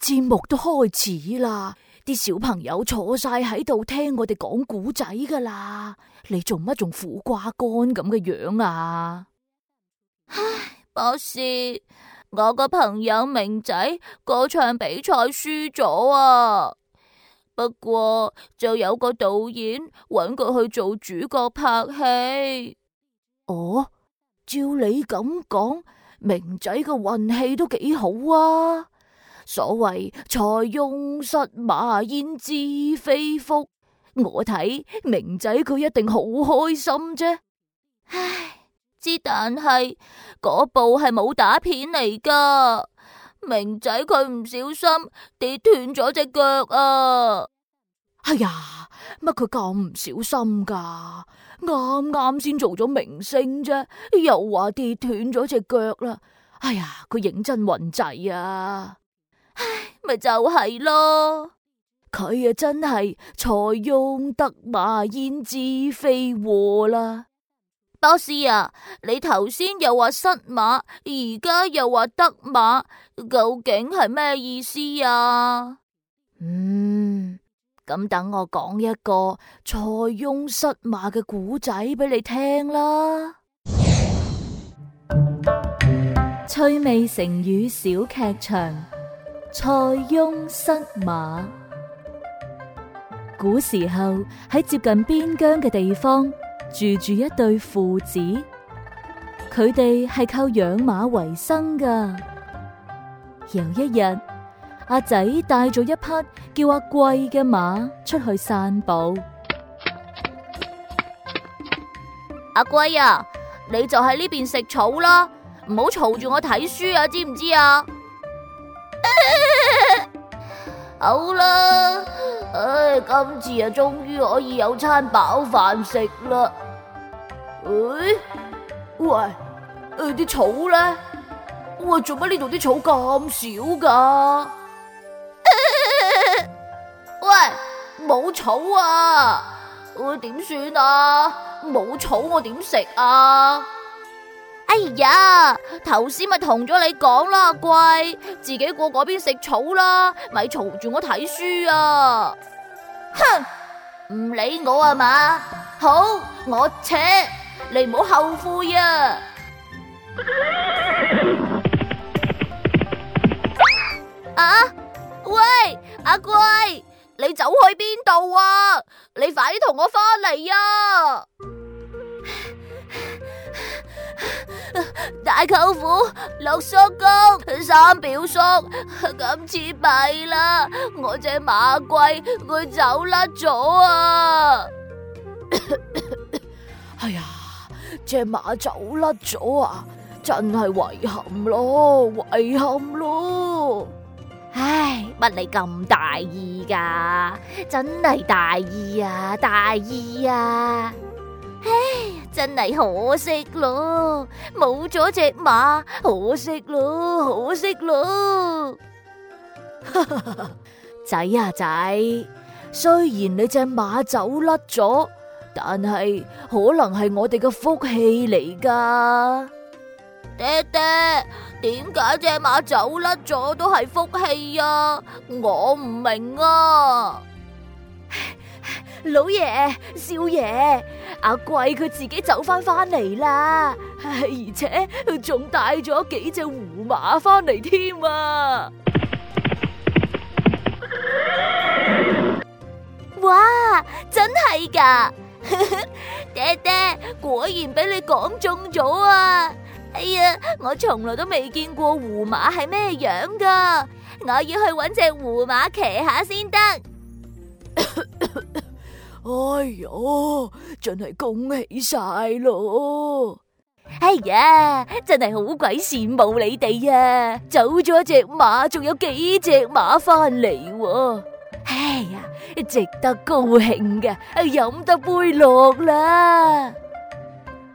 節目都開始啦，啲小朋友坐晒喺度聽我哋講古仔噶啦。你做乜仲苦瓜乾咁嘅樣啊？唉，博士，我個朋友明仔嗰場比賽輸咗啊。不過就有個導演搵佢去做主角拍戲。哦，照你咁講，明仔嘅運氣都幾好啊。所謂塞翁失馬焉知非福，我睇明仔佢一定好開心啫。唉，之但係嗰部係武打片嚟噶，明仔佢唔小心跌斷咗隻腳啊哎剛剛隻腳！哎呀，乜佢咁唔小心噶？啱啱先做咗明星啫，又話跌斷咗隻腳啦！哎呀，佢認真暈滯啊！咪就係咯，佢啊真係塞翁得馬焉知非禍啦。巴斯啊，你頭先又話失馬，而家又話得馬，究竟係咩意思啊？嗯，咁等我講一個塞翁失馬嘅故仔俾你聽啦。趣味成語小劇場。塞翁失馬。古時候喺接近邊疆嘅地方住住一對父子，佢哋係靠養馬為生噶。有一日，阿仔帶咗一匹叫阿貴嘅馬出去散步。阿貴啊，你就喺呢邊食草啦，唔好嘈住我睇書啊，知唔知啊？好啦，唉，今次啊，終於可以有餐飽飯食啦。咦，喂，誒、呃，啲草咧，喂，做乜呢度啲草咁少㗎？ 喂，冇草啊，我點算啊？冇草我點食啊？哎呀，頭先咪同咗你講啦，阿貴，自己過嗰邊食草啦，咪嘈住我睇書啊！哼，唔理我啊嘛，好，我扯，你唔好後悔啊！啊，喂，阿貴，你走去邊度啊？你快啲同我翻嚟啊！大舅父、六叔公、三表叔，今次弊啦！我隻馬貴佢走甩咗啊！哎呀，隻馬走甩咗啊！真係遺憾咯，遺憾咯！唉，乜你咁大意噶？真係大意啊，大意啊！真係可惜咯，冇咗隻馬，可惜咯，可惜咯。仔 啊仔，雖然你隻馬走甩咗，但係可能係我哋嘅福氣嚟㗎。爹爹，點解隻馬走甩咗都係福氣啊？我唔明啊， 老爺，少爺。阿貴佢自己走翻翻嚟啦，而且佢仲帶咗幾隻胡馬翻嚟添啊！哇，真係噶， 爹爹果然俾你講中咗啊！哎呀，我從來都未見過胡馬係咩樣噶，我要去搵隻胡馬騎下先得。 哎，哎呀，真係恭喜晒咯！哎呀，真係好鬼羨慕你哋啊！走咗隻馬，仲有幾隻馬翻嚟，啊？哎呀，值得高興嘅，飲得杯落啦！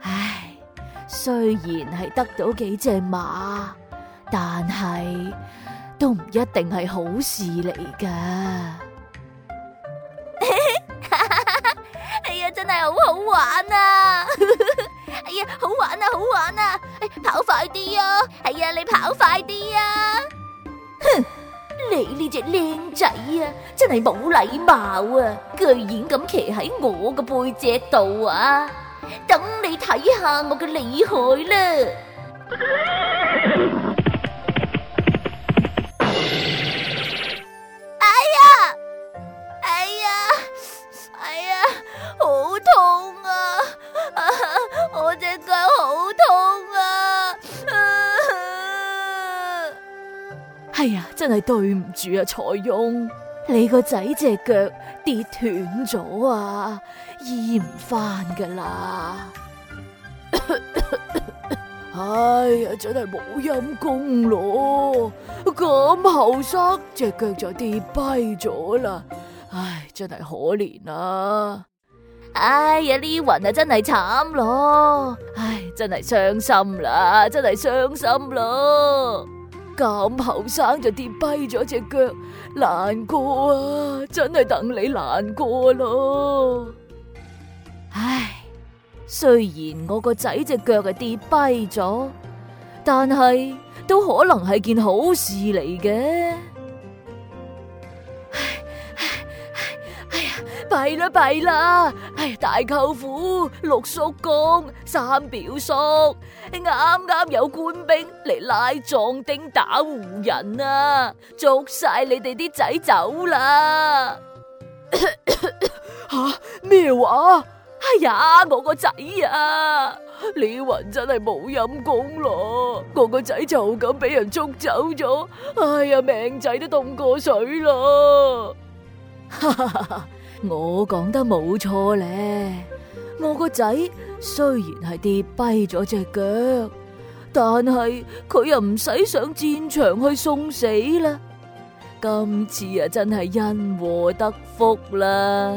唉、哎，雖然係得到幾隻馬，但係都唔一定係好事嚟噶。好好玩啊！ 哎呀，好玩啊，好玩啊！哎、跑快啲啊！係、哎、啊，你跑快啲啊！哼， 你呢隻靚仔啊，真係冇禮貌啊！居然咁騎喺我個背脊度啊！等你睇下我嘅厲害啦！ 哎呀，真係對唔住啊，塞翁，你個仔隻腳跌斷咗啊，醫唔翻噶啦！哎呀，真係冇陰功咯，咁後生隻腳就跌跛咗啦，唉，真係可憐啊！哎呀，呢云啊真係慘咯，唉，真係傷心啦，真係傷心咯！咁後生就跌跛咗隻腳，難過啊！真係等你難過咯。唉，雖然我個仔隻腳係跌跛咗，但係都可能係件好事嚟嘅。弊啦弊啦！哎，大舅父、六叔公、三表叔，啱啱有官兵嚟拉壯丁打胡人啊！捉晒你哋啲仔走啦！吓咩話？哎呀，我個仔啊！李云真係冇陰功咯，我個仔就咁俾人捉走咗，哎呀，命仔都凍過水咯！哈哈。我講得冇錯咧，我個仔雖然係跌跛咗隻腳，但係佢又唔使上戰場去送死啦。今次啊，真係因禍得福啦。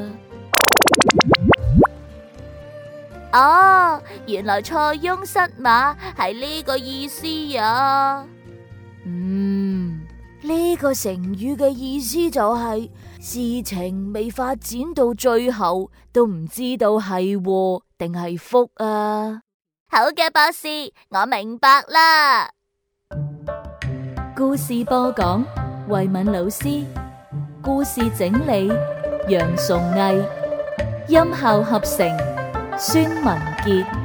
哦，原來塞翁失馬係呢個意思呀。嗯呢個成語嘅意思就係事情未發展到最後，都唔知道係禍定係福啊！好嘅，博士，我明白啦。故事播講：慧敏老師，故事整理：楊崇毅，音效合成：孫文杰。